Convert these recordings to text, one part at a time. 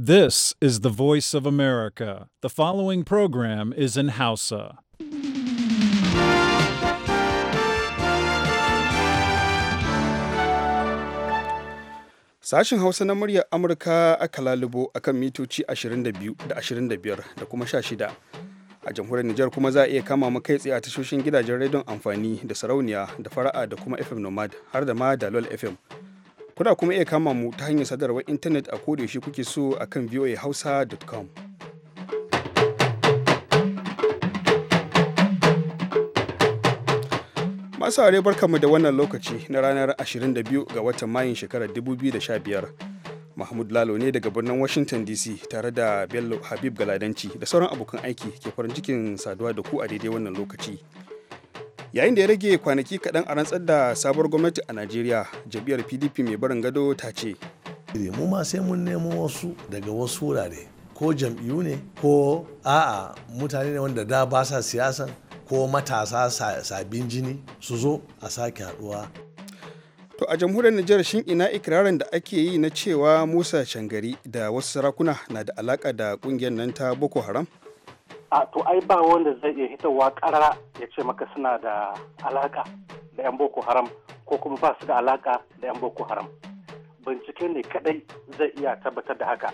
This is the voice of America. The following program is in Hausa. Sashen Hausa na muryar Amurka aka lalubo kan mitoci 22 da 25 da kuma 16. A jamhuriyar Nijar kuma za a iya kama mu tsaye a tashoshin gidajen rediyon amfani da sarauniya da fara'a da kuma FM Nomad har da ma Dalol FM. Kuna kuma iya kama mu ta hanyar sadarwar intanet a kodayaushe kuke so a kan voahausa.com. Masu are barkanmu da wannan lokaci na ranar 22 ga watan Mayun shekarar 2015. Mahmud Lalo ne daga birnin Washington DC tare da Bello Habib Galadanci da sauran abokan aiki ke farin cikin saduwa da ku a daidai wannan lokaci. yayin da ya rage kwanaki kaɗan a rantsar da sabuwar gwamnati a najeriya jam'iyyar pdp mai barin gado ta ce mu ma sai mun nemo wasu daga wasu wurare ko jam'iyyu ne ko a'a mutane ne wanda da ba sa siyasan ko matasa sabin jini su zo a sake haɗuwa To a jamhuriyar Nijar shin ina ikirarin da ake yi na cewa Musa Shangari da wasu sarakuna na da alaka da kungiyar nan ta Boko Haram? a to ai ba wanda zai iya hitowa karara ya ce maka suna da alaka da 'yan boko haram ko kuma ba su da alaka da 'yan boko haram bincike ne kadai zai iya tabbatar da haka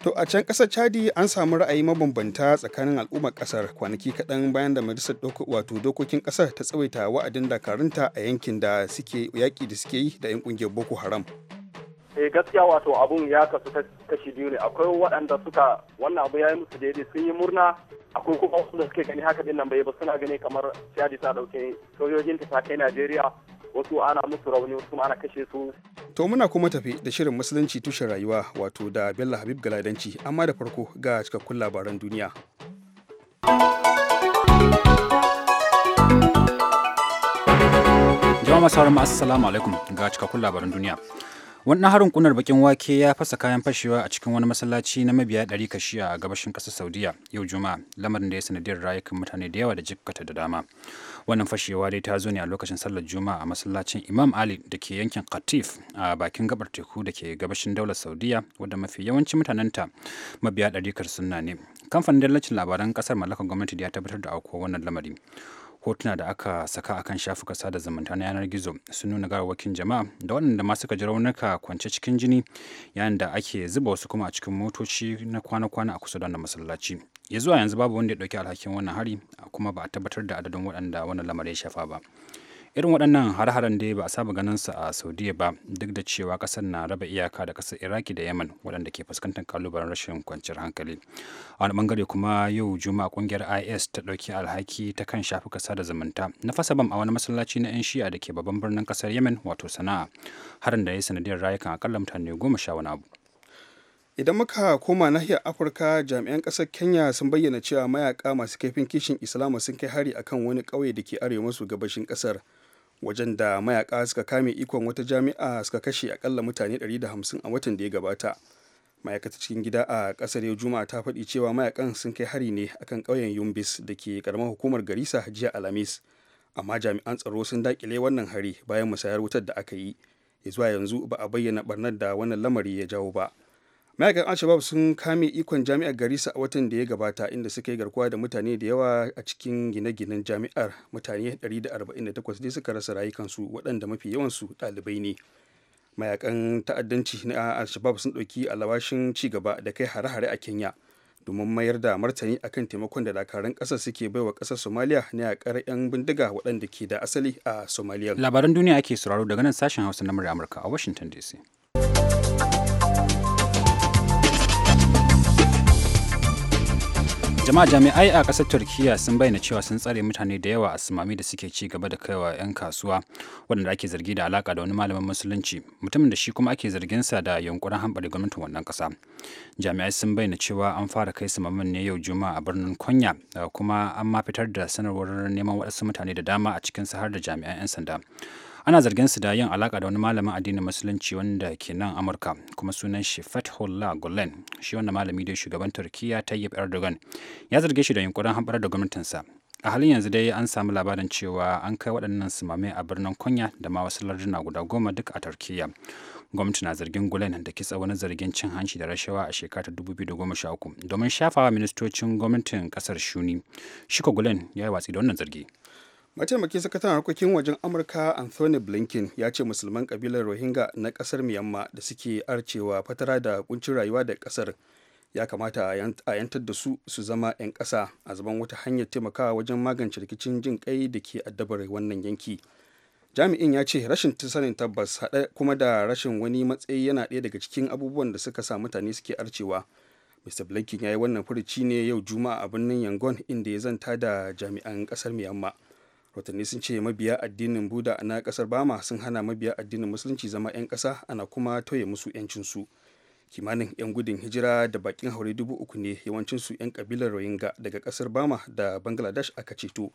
To a can ƙasar Chadi an samu ra'ayi mabambanta tsakanin al'ummar kasar kwanaki kaɗan bayan da majalisar wato dokokin kasar ta tsawaita wa'adin dakarunta a yankin da suke yaƙi da suke yi da 'yan ƙungiyar Boko Haram. Eh gaskiya wato abun ya kasu kashi biyu ne akwai waɗanda suka wannan abu ya yi musu daidai sun yi murna akwai kuma wasu da suke gani haka din nan bai ba suna gani kamar siyadi ta dauke sojojin ta kai najeriya wasu ana musu rauni wasu ana kashe su to muna kuma tafi da shirin musulunci tushen rayuwa wato da bello habib galadanci amma da farko ga cikakkun labaran duniya jama'a sauran masu salamu alaikum ga cikakkun labaran duniya wani harin kunar bakin wake ya fasa kayan fashewa a cikin wani masallaci na mabiya ɗari kashiya a gabashin ƙasar saudiya yau juma'a lamarin da ya sanadiyar rayukan mutane da yawa da jikkata da dama wannan fashewa dai ta zo ne a lokacin sallar juma'a a masallacin imam ali da ke yankin katif a bakin gabar teku da ke gabashin daular saudiya wadda mafi yawancin mutanenta mabiya ɗarikar sunna ne kamfanin dallacin labaran kasar mallakar gwamnati da ya tabbatar da aukuwa wannan lamari hotuna da aka saka akan shafuka sada zumunta na yanar gizo sun nuna gawawakin jama'a da waɗanda ma suka ji raunuka kwance cikin jini yayin da ake zuba wasu kuma a cikin motoci na kwana-kwana a kusa da masallaci ya zuwa yanzu babu wanda ya ɗauki alhakin wannan hari kuma ba a tabbatar da adadin waɗanda wannan lamarin ya shafa ba irin waɗannan har-haren dai ba a saba ganin su a saudiya ba duk da cewa ƙasar na raba iyaka da ƙasar iraki da yaman waɗanda ke fuskantar kalubalen rashin kwanciyar hankali a wani bangare kuma yau juma'a ƙungiyar is ta ɗauki alhaki ta kan shafi ƙasa da zumunta na fasa bam a wani masallaci na 'yan shi'a da ke babban birnin ƙasar yemen wato sana'a harin da ya yi sanadiyar rayukan akalla mutane goma sha wani abu idan muka koma nahiyar afirka jami'an kasar kenya sun bayyana cewa mayaka masu kaifin kishin islamu sun kai hari akan wani ƙauye da ke arewa maso gabashin ƙasar wajen da mayaka suka kame ikon wata jami'a suka kashe akalla mutane 150 a watan da ya gabata ma'aikata cikin gida a kasar yau juma'a ta faɗi cewa mayakan sun kai hari ne akan ƙauyen yumbis da ke karamar hukumar garisa jiya alhamis amma jami'an tsaro sun dakile wannan hari bayan musayar wutar da aka yi zuwa yanzu ba a bayyana barnar da wannan lamari ya jawo ba ma'aikatan al-shabab sun kame ikon jami'ar garissa a watan da ya gabata inda suka yi garkuwa da mutane da yawa a cikin gine-ginen jami'ar mutane 148 dai suka rasa rayukansu waɗanda mafi yawansu ɗalibai ne mayakan ta'addanci na alshabab shabab sun ɗauki alawashin ci gaba da kai hare-hare a kenya domin mayar da martani akan taimakon da dakarun kasa suke baiwa ƙasar somaliya na yakar 'yan bindiga waɗanda ke da asali a somaliya labaran duniya ake sauraro daga nan sashen hausa na murya amurka a washington dc jama'a jami'ai a ƙasar turkiya sun bayyana cewa sun tsare mutane da yawa a sumami da suke ci gaba da kaiwa 'yan kasuwa waɗanda ake zargi da alaka da wani malamin musulunci mutumin da shi kuma ake zargin sa da yunkurin hanbari gwamnatin wannan ƙasa jami'ai sun bayyana cewa an fara kai sumamin ne yau juma'a a birnin konya kuma an ma fitar da sanarwar neman waɗansu mutane da dama a cikin sahar da jami'an 'yan sanda ana zargin su da yin alaka da wani malamin addinin musulunci wanda ke nan amurka kuma sunan shi fethullah gulen shi wanda malami da shugaban turkiya tayyip erdogan ya zarge shi da yunkurin hamɓar da gwamnatinsa a halin yanzu dai an samu labarin cewa an kai waɗannan sumame a birnin konya da ma wasu larduna guda goma duk a turkiya gwamnati na zargin gulen da kitsa wani zargin cin hanci da rashawa a shekarar 2013 domin shafawa ministocin gwamnatin kasar shuni shiko gulen ya yi watsi da wannan zargi mataimakin sakataren harkokin wajen amurka anthony blinken ya ce musulman kabilar rohingya na kasar myanmar da suke arcewa fatara da kuncin rayuwa da kasar ya kamata a yantar da su su zama 'yan ƙasa a zaman wata hanyar taimakawa wajen magance rikicin jin kai da ke addabar wannan yanki jami'in ya ce rashin sanin tabbas haɗe kuma da rashin wani matsayi yana ɗaya daga cikin abubuwan da suka sa mutane suke arcewa mr blinken ya yi wannan furuci ne yau juma'a a birnin yangon inda ya zanta da jami'an ƙasar myanmar rotanni sun ce mabiya addinin buda na kasar bama sun hana mabiya addinin musulunci zama 'yan kasa ana kuma tauye musu 'yancinsu kimanin 'yan gudun hijira da bakin haure dubu uku ne yawancinsu 'yan kabilar rohingya daga kasar bama da bangladesh aka ceto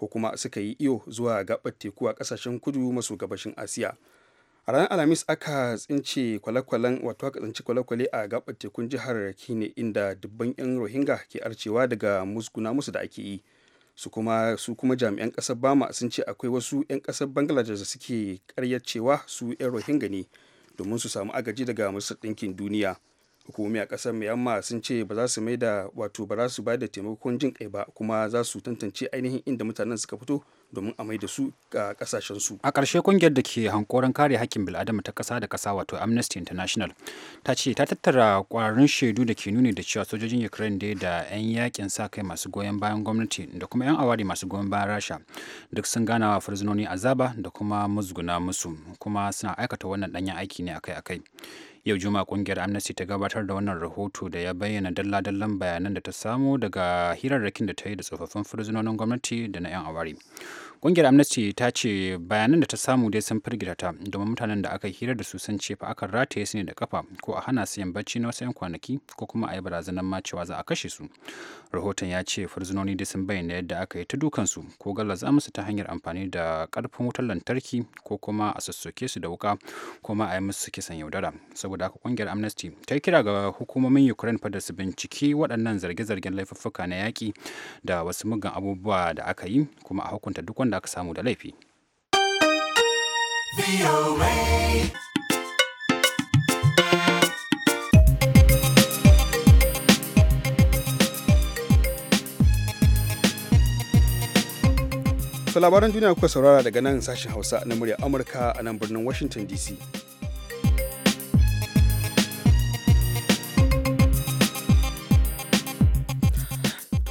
ko kuma suka yi iyo zuwa gabar teku a kasashen kudu maso gabashin asiya a ranar alhamis aka tsince kwale-kwalen wato aka tsinci kwale a gabar tekun jihar kine inda dubban 'yan rohingya ke arcewa daga musguna musu da ake yi su kuma su kuma jami'an kasar bama sun ce akwai wasu 'yan kasar bangladesh da suke karyar cewa su 'yan rohingya ne domin su samu agaji daga masu ɗinkin duniya hukumomi a kasar myanmar sun ce ba za su mai da wato ba za su ba da taimakon jin kai ba kuma za su tantance ainihin inda mutanen suka fito domin a mai da su ga su. A ƙarshe kungiyar da ke hankoron kare hakkin bil'adama ta ƙasa da ƙasa wato Amnesty International ta ce ta tattara ƙwararrun shaidu da ke nuni da cewa sojojin Ukraine dai da 'yan yakin sa kai masu goyon bayan gwamnati da kuma 'yan awari masu goyon bayan Rasha duk sun gana wa farzinoni azaba da kuma musguna musu kuma suna aikata wannan ɗanyen aiki ne akai-akai. yau juma kungiyar amnesty ta gabatar da wannan rahoto da ya bayyana dalla-dallan bayanan da ta samu daga hirarrakin da ta yi da tsofaffin fursunonin gwamnati da na 'yan awari Ƙungiyar Amnesty ta ce bayanan da ta samu dai sun firgita ta domin mutanen da aka hira da su sun ce fa akan rataye su ne da kafa ko a hana su yin bacci na wasu 'yan kwanaki ko kuma a yi barazanar ma cewa za a kashe su. Rahoton ya ce farzinoni dai sun bayyana yadda aka yi ta dukansu ko gallaza musu ta hanyar amfani da karfin wutar lantarki ko kuma a sassoke su da wuka ko ma a yi musu kisan yaudara. Saboda haka ƙungiyar Amnesty ta yi kira ga hukumomin Ukraine fa da su binciki waɗannan zarge-zargen laifuffuka na yaki da wasu muggan abubuwa da aka yi kuma a hukunta duk waɗanda aka samu da laifi. labaran duniya kuka saurara daga nan sashen hausa na murya amurka a nan birnin washington dc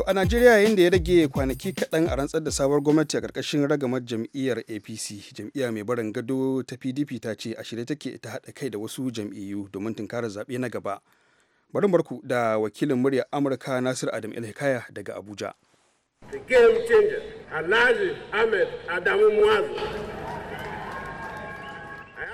a Najeriya yayin da ya rage kwanaki kaɗan a rantsar da sabuwar gwamnati a ƙarƙashin ragamar jam'iyyar APC, jam'iyya mai barin gado ta PDP ta ce a shirye take ta haɗa kai da wasu jam'iyyu domin tunkarar zaɓe na gaba. Bari barku da wakilin muryar Amurka Nasir Adam Ilhikaya daga Abuja.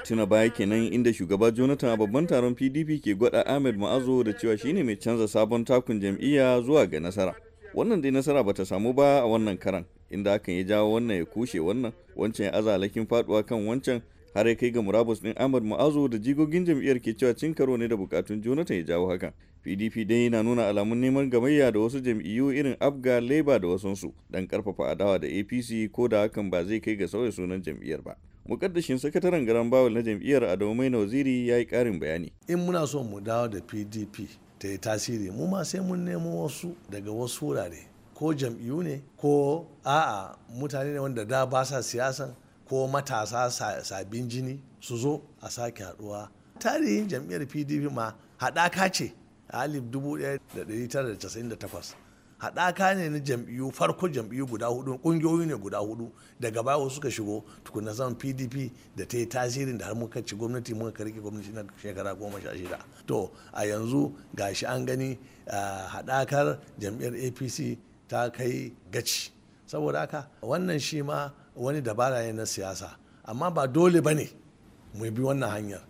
tuna baya kenan inda shugaba jonathan a babban taron pdp ke gwada ahmed ma'azo da cewa shine mai canza sabon takun jam'iyya zuwa ga nasara wannan dai nasara bata samu ba a wannan karan inda hakan ya jawo wannan ya kushe wannan wancan ya azalakin faduwa kan wancan har ya kai ga murabus din ahmad mu'azu da jigogin jam'iyyar ke cewa cin karo ne da bukatun jonathan ya jawo hakan pdp dai yana nuna alamun neman gamayya da wasu jam'iyyu irin abga labour da wasansu don karfafa adawa da apc ko da hakan ba zai kai ga sauya sunan jam'iyyar ba mukaddashin sakataren garan bawul na jam'iyyar adamu mai waziri ya yi karin bayani in muna so mu dawo da pdp ta yi tasiri mu ma sai mun nemo wasu daga wasu wurare ko jam'iyyu ne ko a'a mutane ne wanda da ba sa siyasan ko matasa sabin jini su zo a sake haduwa tarihin jam'iyyar pdp ma haɗaka ce a 1998 haɗaka ne na jam'iyyu farko jam'iyyu guda hudu ƙungiyoyi ne guda hudu daga baya suka shigo tukuna zan pdp da ta yi tasirin da har muka ci gwamnati muka karki gwamnati na shekara goma sha shida to a yanzu gashi an gani haɗakar jam'iyyar apc ta kai gaci saboda haka wannan shi ma wani dabara ne na siyasa amma ba dole ba ne mu bi wannan hanyar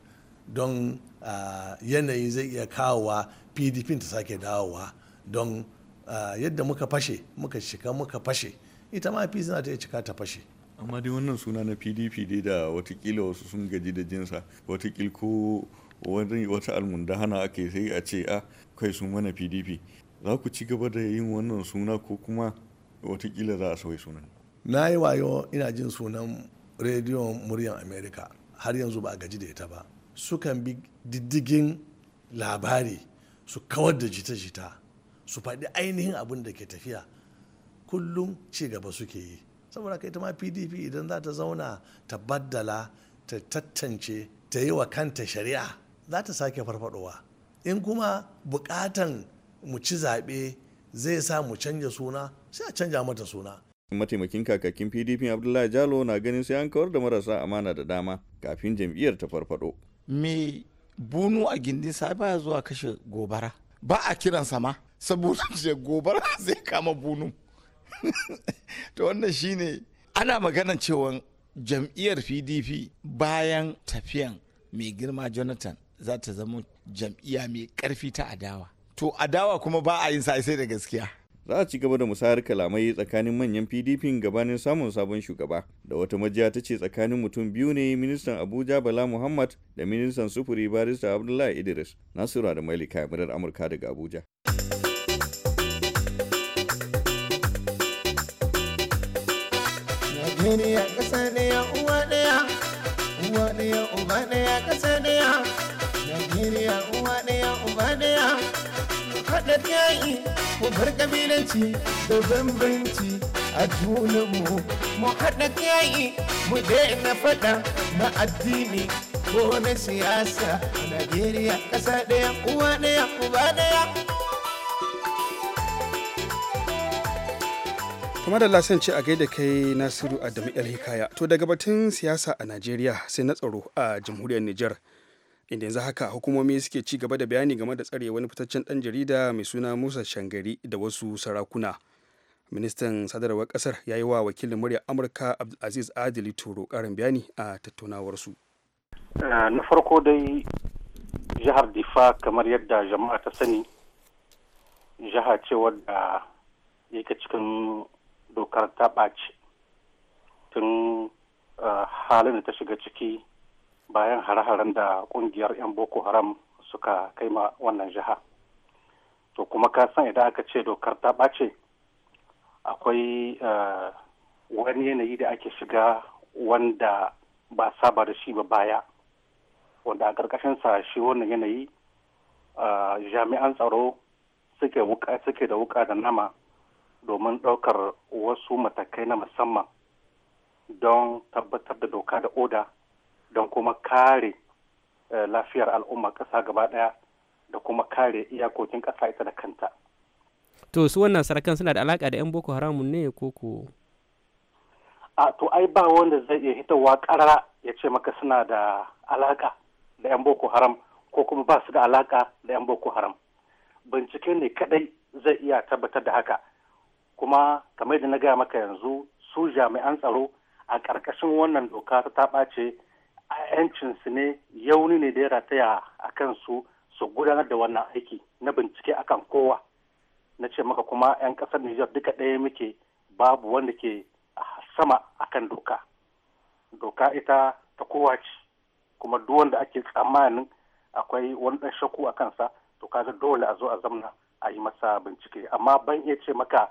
don yanayi zai iya kawowa pdp ta sake dawowa don Ah, yadda muka fashe muka cika muka fashe ita ma fi suna ta cika ta fashe amma dai wannan suna na pdp dai da watakila wasu sun gaji da jinsa watakil ko wata almundahana aka yi sai a ce a ah, kai su mana pdp za ku ci gaba da yin wannan suna ko kuma watakila za a sauya sunan na yi wayo ina jin sunan rediyon muryan america har yanzu ba a gaji da ita ba sukan bi diddigin labari su kawar da jita-jita su faɗi ainihin abin da ke tafiya kullum ci gaba suke yi saboda kai ta ma pdp idan za ta zauna ta baddala ta tattance ta yi wa kanta shari'a za ta sake farfadowa in kuma bukatan mu ci zaɓe zai sa mu canja suna sai a canja mata suna mataimakin kakakin pdp abdullahi jalo na ganin sai an kawar da marasa amana da dama kafin jam'iyyar ta farfado me bunu a gindin sa baya zuwa kashe gobara ba a kiran sama. saboda gobara zai kama bunu to wannan shine ana maganan cewa jam'iyyar pdp bayan tafiyan mai girma jonathan za ta zama jam'iyya mai karfi ta adawa to adawa kuma ba a yin sa sai da gaskiya za a ci gaba da musayar kalamai tsakanin manyan pdp gabanin samun sabon shugaba da wata majiya ta ce tsakanin mutum biyu ne ministan abuja bala muhammad da ministan sufuri barista abdullahi idris nasura da mailika amurka daga abuja Najeriya ƙasa ɗaya uwa ɗaya, uwa ɗaya uba ɗaya ƙasa ɗaya. Najeriya uwa ɗaya uba ɗaya. Haɗa yayi mu bar ƙabilanci da bambanci a junanmu. Mu haɗa yi mu daina faɗa na addini ko na siyasa. Najeriya ƙasa ɗaya uwa ɗaya uba ɗaya. kuma da lasan ce a gaida kai nasiru adamu el hikaya to daga batun siyasa a najeriya sai na tsaro a jamhuriyar niger inda yanzu haka hukumomi suke ci gaba da bayani game da tsare wani fitaccen dan jarida mai suna musa shangari da wasu sarakuna ministan sadarwar kasar ya yi wa wakilin murya amurka abdulaziz adili turo karin bayani a tattaunawar su. na farko dai jihar difa kamar yadda jama'a ta sani jiha ce wadda yake cikin dokar ta ɓaci tun halin da ta shiga ciki bayan hare-haren da ƙungiyar 'yan boko haram suka kai ma wannan jiha to kuma ka san idan aka ce dokar ta ɓace akwai wani yanayi da ake shiga wanda ba saba da shi ba baya wanda a ƙarƙashinsa shi wannan yanayi jami'an tsaro suke da wuka da nama domin ɗaukar wasu matakai na musamman don tabbatar da doka da oda don kuma kare eh, lafiyar al'umma ƙasa gaba ɗaya da kuma kare iyakokin ƙasa ita da kanta. To su wannan sarakan suna da alaƙa da 'yan Boko Haram ne ko ko? A to ai ba wanda zai iya hitowa ƙarara ya ce maka suna da alaƙa da 'yan Boko Haram ko kuma ba su da alaƙa da 'yan Boko Haram. Bincike ne kaɗai zai iya tabbatar da haka. kuma kamar da na gaya maka yanzu su jami'an tsaro a ƙarƙashin wannan doka ta yancin yancinsu ne yauni ne da ya rataya a kansu su gudanar da wannan aiki na bincike akan kowa na ce maka kuma 'yan ƙasar Nijar duka ɗaya muke babu wanda ke sama akan doka doka ita ta kowa ce kuma duk wanda ake tsammanin akwai wani ɗan shakku a kansa to kaga dole a zo a zamna a yi masa bincike amma ban iya ce maka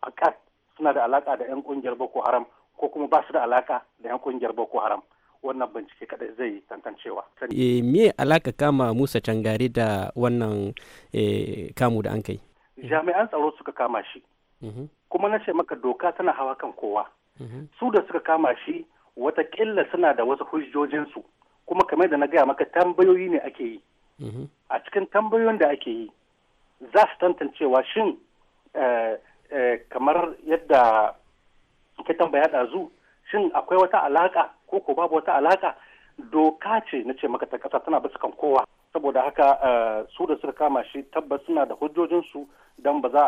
fakat suna da alaka da 'yan kungiyar boko haram ko kuma ba su da alaka da 'yan kungiyar boko haram wannan bincike kadai zai tantancewa. E, me alaka kama Musa Cangare da wannan eh, kamu da an kai? Mhm. Jami'an tsaro suka kama shi. Mhm. Kuma na ce maka doka tana hawa kan kowa. Mhm. Su da suka kama shi wata ƙilla suna da wasu hujjojinsu kuma kamar da na gaya maka tambayoyi ne ake yi. A cikin tambayoyin da ake yi za su tantancewa shin eh, Eh, kamar yadda ka tambaya ɗazu shin akwai wata alaƙa ko ko babu wata alaƙa doka ce na ce maka ta kasa tana bisa kan kowa saboda haka eh, su da suka kama shi tabbas suna da hujjojinsu don ba za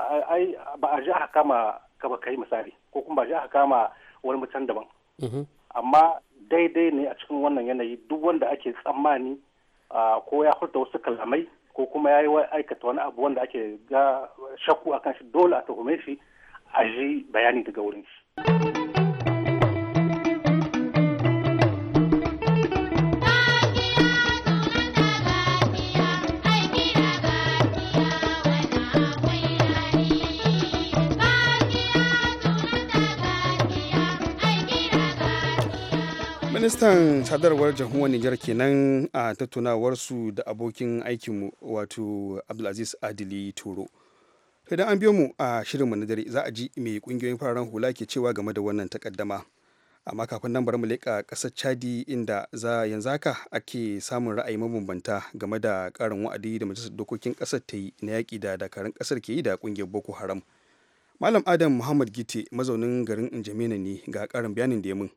ba a ji aka kama ka ba kai misali ko kuma ba ji aka kama wani mutum daban mm-hmm. amma daidai ne a cikin wannan yanayi duk wanda ake tsammani ah, ko ya furta wasu kalamai ko kuma ya yi aikata wani abu wanda ake ga shakku akan shi dole a tuhume shi a ji bayani daga wurin shi. ministan sadarwar jamhuriyar nijar kenan a tattaunawarsu da abokin aikinmu wato abdulaziz adili toro idan an biyo mu a shirinmu na dare za a ji mai kungiyoyin fararen hula ke cewa game da wannan takaddama amma kafin nan bari mu leƙa ƙasar chadi inda za yanzu haka ake samun ra'ayi mabambanta game da ƙarin wa'adi da majalisar dokokin ƙasar ta yi na yaƙi da dakarun ƙasar ke yi da ƙungiyar boko haram malam adam muhammad gite mazaunin garin injamina ne ga ƙarin bayanin da ya mun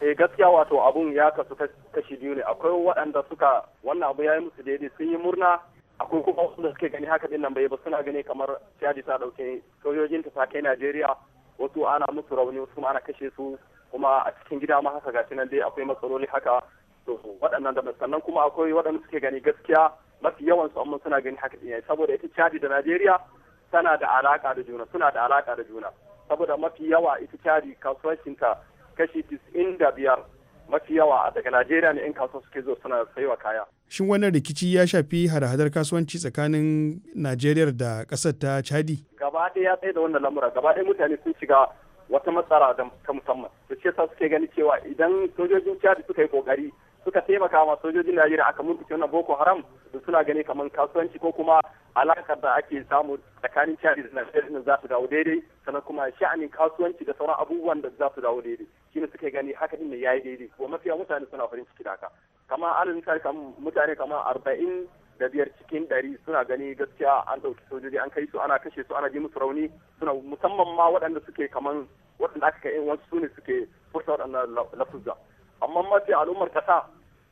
eh gaskiya wato abun ya kasu kashi biyu ne akwai waɗanda suka wannan abu ya yi musu daidai sun yi murna akwai kuma wanda suke gani haka din nan bai ba suna gani kamar shadi ta dauke sojojin ta kai Najeriya wasu ana musu rauni wasu ana kashe su kuma a cikin gida ma haka gashi nan dai akwai matsaloli haka to waɗannan da sannan kuma akwai waɗanda suke gani gaskiya mafi yawan su amma suna gani haka din saboda ita shadi da Najeriya tana da alaka da juna suna da alaka da juna saboda mafi yawa ita shadi kasuwancinta kashi tis'in da biyar mafi yawa daga najeriya ne 'yan kasuwa suke zo suna saiwa kaya shin wannan rikici ya shafi hada-hadar kasuwanci tsakanin najeriya da ƙasar ta chadi gaba ya tsaye da wannan lamura gaba mutane sun shiga wata matsala ta musamman da ce suke gani cewa idan sojojin chadi suka yi kokari suka taimaka ma sojojin Najeriya aka murkushe wannan Boko Haram da suna gani kamar kasuwanci ko kuma alakar da ake samu tsakanin Chad da Najeriya za su dawo daidai sannan kuma sha'anin kasuwanci da sauran abubuwan da za su dawo daidai shine suka gani haka din ne yayi daidai kuma mafiya mutane suna farin ciki da haka kamar misali kamar mutane kamar arba'in da biyar cikin ɗari suna gani gaskiya an ɗauki sojoji an kai su ana kashe su ana ji musu rauni suna musamman ma waɗanda suke kaman waɗanda aka kai wasu su ne suke furta waɗannan lafuzza amma mafi al'ummar ƙasa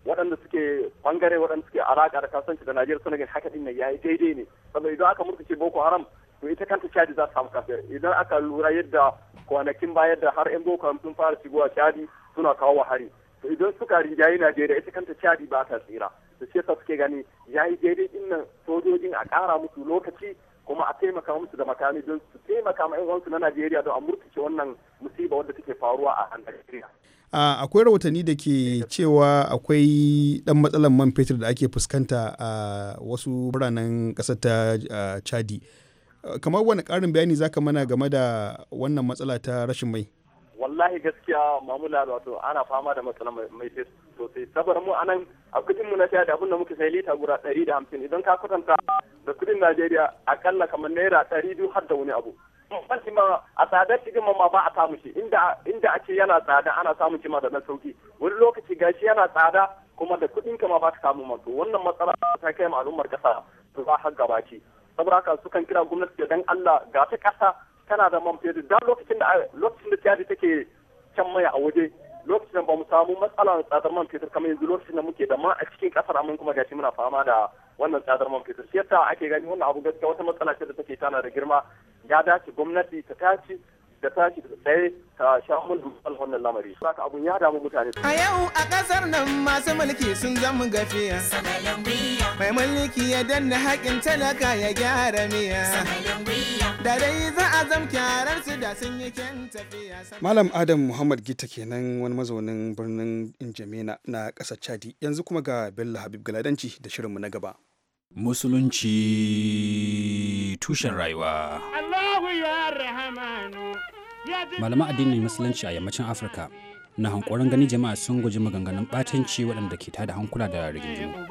waɗanda suke bangare waɗanda suke alaƙa da kasuwanci da Najeriya suna ganin haka ya yi daidai ne saboda idan aka murkushe Boko Haram to ita kanta Chad za ta samu kasuwa idan aka lura yadda kwanakin bayar da har 'yan Boko Haram sun fara shigowa cadi suna kawo hari to idan suka rinjayi Najeriya ita kanta cadi ba ta tsira to shi suke gani yayi daidai ɗin nan sojojin a ƙara musu lokaci kuma a taimaka musu da makami don su taimaka ma 'yan na Najeriya don a murkushe wannan musiba wadda take faruwa a Najeriya. akwai rahotanni da ke cewa akwai dan matsalan man fetur da ake fuskanta a wasu biranen kasar ta chadi kamar wani ƙarin bayani zaka mana game da wannan matsala ta rashin mai wallahi gaskiya mamula wato ana fama da matsalan mai fetur sosai saboda mu anan a kudin mu na sai da da muka sai lita guda 150 da hamsin idan ka kwatanta da kudin Najeriya akalla kamar naira ɗari biyu har da wani abu. Banci ma a tsadar cikin ma ba a samu shi inda inda ake yana tsada ana samun shi ma da sauki wani lokaci gashi yana tsada kuma da kuɗin ka ma ba ka samu to wannan matsala ta kai ma al'ummar ƙasa ba har gabaci saboda haka sukan kira gwamnati da dan Allah ga ta ƙasa tana da man fetur da lokacin da lokacin da take can maya a waje lokacin ba mu samu na tsadar man fetur kamar yanzu lokacin da muke da ma a cikin kasar amin kuma gashi muna fama da wannan tsadar man fetur shi ake gani wannan abu gaskiya wata matsala ce da take tana da girma ya dace gwamnati ta tashi da tashi da tsaye ta sha mun dukkan wannan lamari saka abun ya damu mutane a yau a ƙasar nan masu mulki sun zama gafiya mai mulki ya danna haƙin talaka ya gyara miya da dai za a zam kyarar su da sun yi kyan tafiya malam adam muhammad gita kenan wani mazaunin birnin injamena na ƙasar chadi yanzu kuma ga bello habib galadanci da shirinmu na gaba musulunci tushen rayuwa malaman addinin musulunci a yammacin afirka na hankoron gani jama'a sun guji maganganun batanci waɗanda ke tada hankula da rigingimu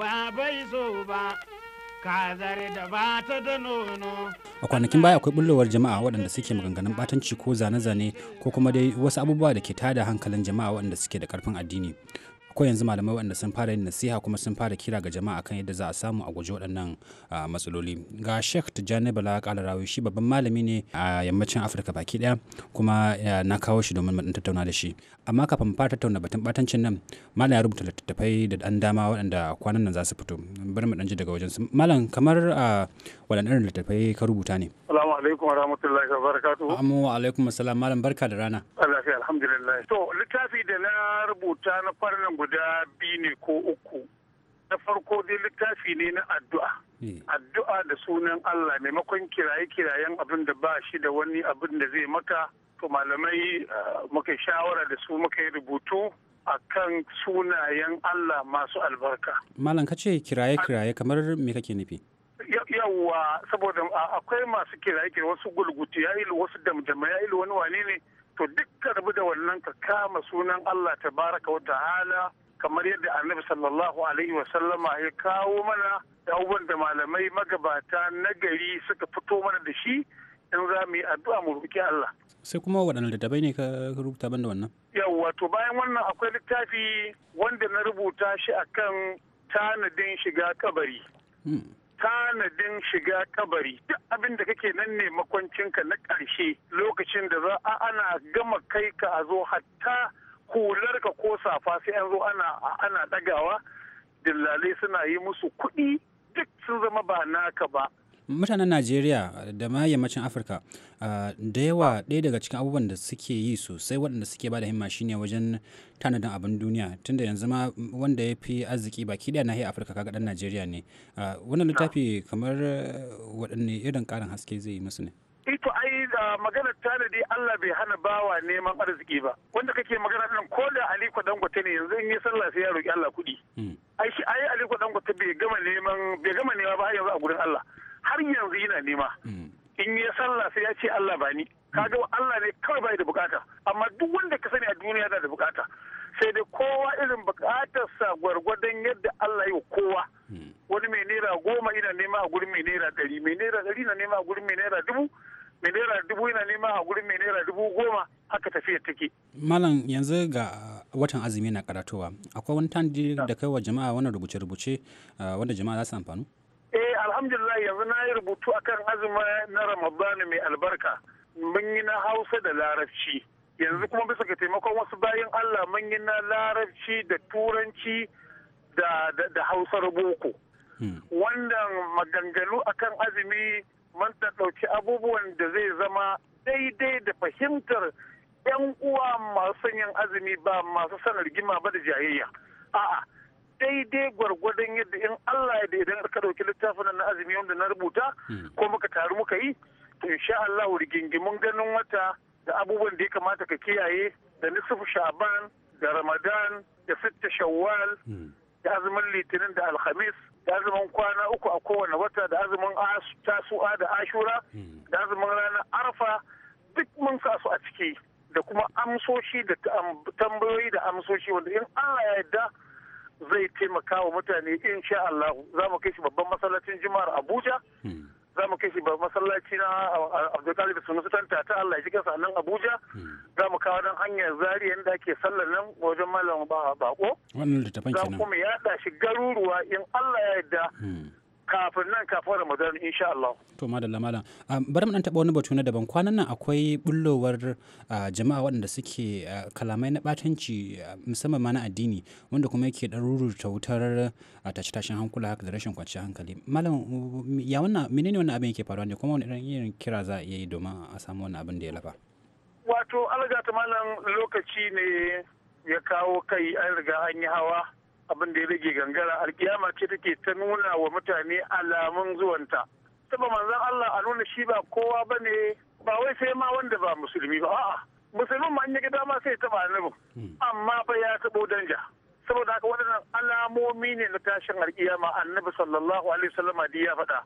a kwanakin baya akwai bullowar jama'a waɗanda suke maganganun batanci ko zane-zane ko kuma dai wasu abubuwa da ke tada hankalin jama'a waɗanda suke da ƙarfin addini ko yanzu malamai waɗanda sun fara yin nasiha kuma sun fara kira ga jama'a kan yadda za a samu a guji waɗannan matsaloli ga sheikh tijjani bala kalarawi shi babban malami ne a yammacin afirka baki ɗaya kuma na kawo shi domin mu tattauna da shi amma kafin mu fara tattauna batun batancin nan malam ya rubuta littattafai da ɗan dama waɗanda kwanan nan za su fito bari mu ɗan ji daga wajen su malam kamar waɗanne irin littattafai ka rubuta ne Salamu alaikum wa rahmatullahi wa wa alaikum malam barka da rana lafiya alhamdulillah to littafi da na rubuta na guda biyu ne ko uku na farko dai littafi ne na addu'a eh. addu'a da sunan Allah maimakon kiraye-kirayen abin da ba shi da wani abin da zai maka to malamai eh, muka shawara da su muka yi rubutu a kan sunayen Allah masu albarka. Malam ka ce kiraye-kiraye kamar me kake nufi? yawwa saboda akwai masu kira kira wasu gulgutu ya ilu wasu damdama ya ilu wani wani ne to duk rabu da wannan ka kama sunan Allah ta baraka wa ta'ala kamar yadda annabi sallallahu alaihi wa sallama ya kawo mana da abubuwan da malamai magabata na gari suka fito mana da shi in za mu yi addu'a mu roki Allah sai kuma waɗanne littattafai ne ka rubuta banda da wannan yawwa to bayan wannan akwai littafi wanda na rubuta shi akan tanadin shiga kabari hmm. tanadin shiga kabari duk abin da kake nan ne makwancinka na ƙarshe lokacin da za a ana gama kai ka a zo hatta ka ko safa sai an zo ana ana dagawa dillalai suna yi musu kuɗi duk sun zama ba naka ba mutanen najeriya da ma yammacin afirka ah, da yawa ɗaya daga cikin abubuwan da suke yi sosai waɗanda suke ba da himma shine wajen tanadin abin duniya tunda yanzu ma wanda ya fi arziki baki ɗaya nahiyar afirka kaga ɗan najeriya ne ah, wannan littafi kamar eh, waɗanne irin ƙarin haske zai yi musu ne ito eh ai da maganar tanadi Allah bai hana bawa neman arziki ba wanda kake magana ɗin ko da Aliko Dangote ne yanzu in yi sallah sai ya roƙi Allah kuɗi hmm. ai shi ai Aliko Dangote bai gama neman bai gama nema ba yanzu a gurin Allah har yanzu yana nema mm. in ya sallah sai ya ce Allah ba ni mm. kaga Allah ne kawai bai da bukata amma duk wanda ka sani a duniya yana da bukata sai dai kowa irin bukatarsa gwargwadon yadda Allah yi kowa mm. wani mai naira goma ina nema a gurin mai naira ɗari mai naira ɗari na nema a gurin mai naira dubu mai naira dubu ina nema a gurin mai naira dubu goma haka tafiya take. malam yanzu ga watan azumi na karatowa akwai wani tanadi ah. da kai wa jama'a wani rubuce-rubuce ah, wanda jama'a za su amfanu. Eh alhamdulillah yanzu na yi rubutu akan azumi na Ramadan mai albarka. Mun yi na Hausa da Larabci. Yanzu kuma bisa ga taimakon wasu bayan Allah mun yi na Larabci da Turanci da da Hausar Boko. Hmm. Wannan maganganu akan azumi mun ta ɗauki abubuwan da zai zama daidai da fahimtar 'yan uwa masu yin azumi ba masu sanar gima ba da jayayya. A'a daidai gwargwadon yadda in Allah ya idan ka dauki littafin na azumi wanda na rubuta hmm. ko muka taru muka yi to insha Allah rigingimun ganin wata da abubuwan da ya kamata ka kiyaye da nisuf sha'ban da ramadan da sitta shawwal hmm. da azumin litinin da alhamis da azumin kwana uku a kowane wata da azumin tasu'a da ashura hmm. da azumin ranar arfa duk mun sa su a ciki da kuma amsoshi da tambayoyi da amsoshi wanda in Allah ya yarda zai taimaka wa mutane insha Allah za mu kai shi babban masallacin jima'ar Abuja hmm. za mu kai shi babban masallaci na ta Allah shi nan Abuja hmm. za mu kawo dan hanyar zariya da ake sallar nan wajen malam bako wannan litafin kenan za mu yaɗa shi garuruwa in Allah ya yarda hmm. kafin nan kafin ramadan insha Allah. To madalla ah, bari mu taɓa wani batu na daban kwanan nan akwai bullowar ah, jama'a waɗanda suke ah, kalamai na batanci musamman ma na addini wanda kuma yake dan rurruta wutar tashe-tashen hankula haka da rashin kwanciyar hankali. Malam ya wannan menene wannan abin yake faruwa ne kuma wani irin kira za a iya yi domin a samu wannan abin da ya lafa. Wato alga ta malam lokaci ne ya kawo kai an riga an yi hawa abin da ya rage gangara alkiyama ce take ta nuna wa mutane alamun zuwanta saboda manzon Allah a nuna shi ba kowa bane. ba wai sai ma wanda ba musulmi ba a'a musulmin ma an yi dama sai taba ba hmm. amma ba ya tabo danja saboda haka waɗannan alamomi ne na tashin alkiyama annabi sallallahu alaihi wasallam da ya faɗa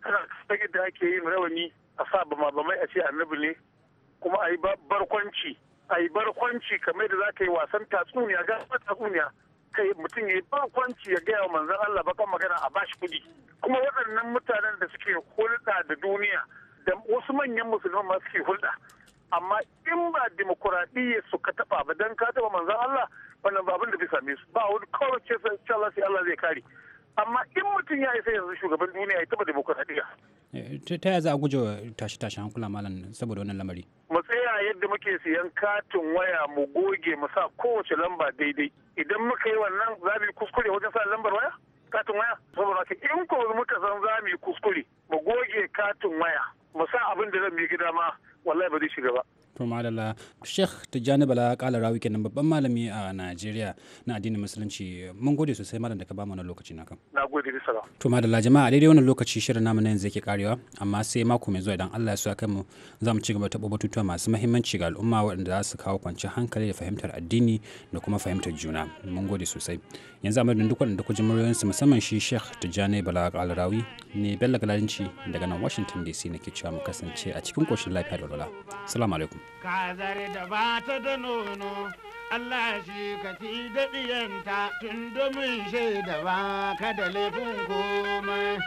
kana ta yadda ake yin rawani a sa ba ma mai a ce annabi ne kuma a yi barkwanci a yi barkwanci kamar da za ka yi wasan tatsuniya ga tatsuniya kai mutum ya ba kwanci ya gaya wa manzon Allah bakan magana a bashi kudi kuma waɗannan mutanen da suke hulɗa da duniya da wasu manyan musulman ma suke hulɗa amma in ba demokuraɗiyya suka taɓa ba don ka taɓa manzon Allah wannan abin da bai same su ba wani kawai ce Allah sai Allah zai kare amma in mutum ya isa yanzu shugaban duniya ya taɓa demokuraɗiyya. Eh, ta yaya za a guje tashi tashi hankula malam saboda wannan lamari. yadda muke siyan katin waya mu goge mu sa kowace lamba daidai idan muka yi wannan za mu yi kuskure wajen sa lambar waya katin waya saboda haka in ko muka san za mu yi kuskure mu goge katin waya mu sa abin da zan yi gida ma wallahi ba zai shiga ba to malala sheikh tijjani bala kala rawi kenan babban malami a najeriya na addinin musulunci mun gode sosai malam da ka mu wannan lokaci naka na gode bisa to jama'a daidai wannan lokaci shirin namu na yanzu yake karewa amma sai mako mai zuwa idan Allah ya so kai mu za mu ci gaba taɓa batutuwa masu muhimmanci ga al'umma waɗanda za su kawo kwanci hankali da fahimtar addini da kuma fahimtar juna mun gode sosai yanzu duk wanda duk waɗanda kujin su musamman shi sheikh tijjani bala kala rawi ne bello galadinci daga nan washington dc nake cewa mu kasance a cikin koshin lafiya da walwala assalamu alaikum kazar da bata da nono Allah shi ka fi daɗiyanta tun domin shaida ba ka da laifin komai.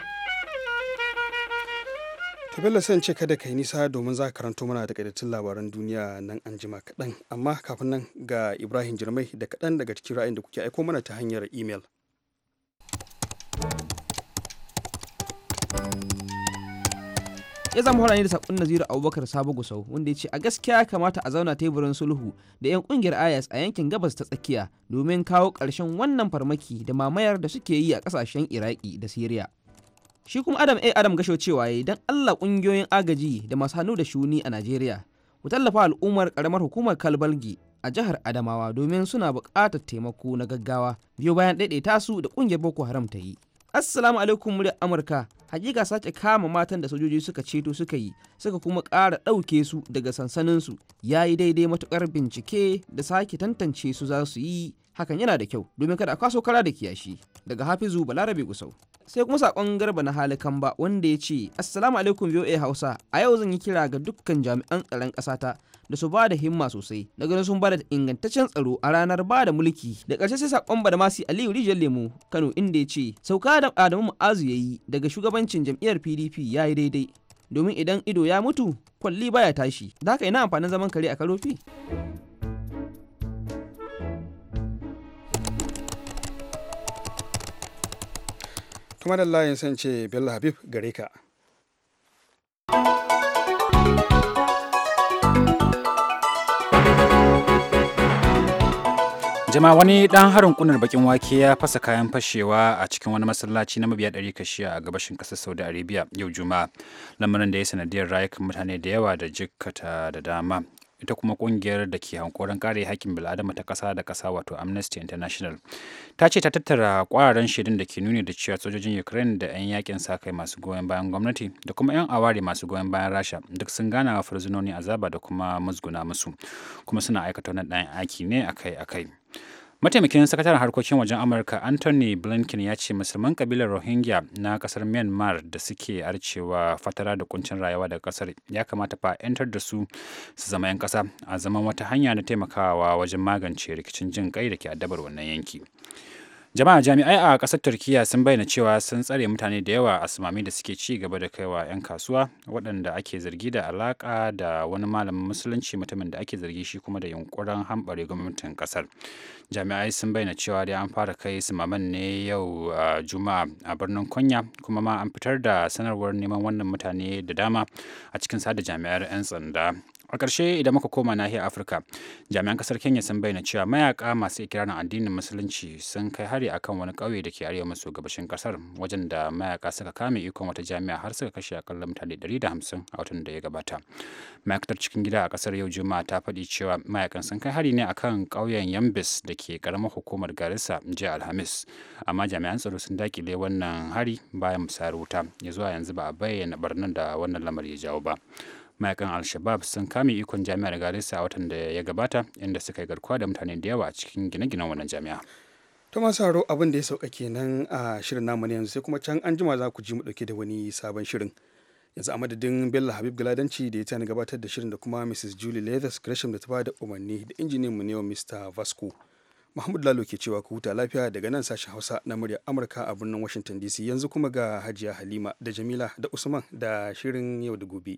Tabella sai ce kada ka yi nisa domin za ka karanto mana kaidatun labaran duniya nan an jima kaɗan amma kafin nan ga Ibrahim Jirmai da kaɗan daga cikin ra'ayin da kuke aiko mana ta hanyar imel. ya zama hulani da sakon Naziru Abubakar Sabo Gusau wanda ya ce a gaskiya kamata a zauna teburin sulhu da 'yan kungiyar Ayas a yankin gabas ta tsakiya domin kawo ƙarshen wannan farmaki da mamayar da suke yi a ƙasashen Iraki da Siriya. Shi kuma Adam A. Adam gasho cewa yi don Allah ƙungiyoyin agaji da masu hannu da shuni a Najeriya ku tallafa al'ummar karamar hukumar Kalbalgi a jihar Adamawa domin suna buƙatar taimako na gaggawa biyo bayan daidaita su da ƙungiyar Boko Haram ta yi. assalamu alaikum muryar amurka hakika sake kama matan da sojoji suka ceto suka yi suka kuma ƙara ɗauke su daga sansaninsu ya yi daidai matuƙar bincike da sake tantance su za su yi hakan yana da kyau domin kada a kwaso kara da kiyashi daga hafizu balarabe gusau sai kuma saƙon garba na halikan ba wanda ya ce assalamu alaikum voa hausa a yau zan yi kira ga dukkan jami'an tsaron ƙasata da su ba da himma sosai na ganin sun ba da ingantaccen tsaro a ranar ba da mulki da ƙarshe sai sakon badamasi aliyu rijiyar lemo kano inda ya ce sauka da adamu mu'azu ya yi daga shugabancin jam'iyyar pdp ya yi daidai domin idan ido ya mutu kwalli baya tashi da haka ina amfanin zaman kare a karofi kuma da layin sance bello habib gare ka jama wani dan harin kunar bakin wake ya fasa kayan fashewa a cikin wani masallaci na mabiya ɗari kashiya a gabashin ƙasar saudi arabia yau juma'a lamarin da ya sanadiyar rayukan mutane da yawa da jikkata da dama ita kuma kungiyar da ke hankoron kare hakkin bil'adama ta kasa da kasa wato amnesty international ta ce ta tattara kwararren shirin da ke nuni da cewa sojojin ukraine da 'yan yakin sa kai masu goyon bayan gwamnati da kuma 'yan aware masu goyon bayan rasha duk sun gana wa farzinoni azaba da kuma musguna musu kuma suna aikata wani ɗan aiki ne akai-akai mataimakin sakataren harkokin wajen amurka anthony blinken ya ce musulman kabilar rohingya na kasar myanmar da suke arcewa fatara da kuncin rayuwa daga kasar ya kamata fa 'yantar da su su zama 'yan kasa a zaman wata hanya na taimakawa wajen magance rikicin jin kai da ke addabar wannan yanki jama'a jami'ai a ƙasar turkiya sun bayyana cewa sun tsare mutane da yawa a sumami da suke ci gaba da kaiwa 'yan kasuwa waɗanda ake zargi da alaƙa da wani malamin musulunci mutumin da ake zargi shi kuma da yunkurin hambare gwamnatin ƙasar jami'ai sun bayyana cewa dai an fara kai sumaman ne yau juma'a a birnin konya kuma ma an fitar da sanarwar neman wannan mutane da dama a cikin sada jami'ar 'yan tsanda a ƙarshe idan muka koma nahiyar afirka jami'an ƙasar kenya sun bayyana cewa mayaka masu ikirarin addinin musulunci sun kai hari akan wani ƙauye da ke arewa maso gabashin ƙasar wajen da mayaka suka kame ikon wata jami'a har suka kashe akalla mutane 150 a watan da ya gabata ma'aikatar cikin gida a ƙasar yau juma'a ta faɗi cewa mayakan sun kai hari ne akan ƙauyen yambis da ke ƙaramar hukumar garissa jiya alhamis amma jami'an tsaro sun dakile wannan hari bayan musayar wuta ya zuwa yanzu ba a bayyana barnan da wannan lamari ya jawo ba mayakan al-shabab sun kame ikon jami'ar garissa a watan da ya gabata inda suka yi garkuwa da mutane da yawa a cikin gine-ginen wannan jami'a to masu haro abin da ya sauka kenan a shirin namu ne yanzu sai kuma can an jima za ku ji mu dauke da wani sabon shirin yanzu a madadin bello habib galadanci da ya tani gabatar da shirin da kuma mrs julie leathers gresham da ta ba da umarni da injiniyan mu ne mr vasco Mahmud Lalo ke cewa ku huta lafiya daga nan sashen Hausa na murya Amurka a birnin Washington DC yanzu kuma ga Hajiya Halima da Jamila da Usman da shirin yau da gobe.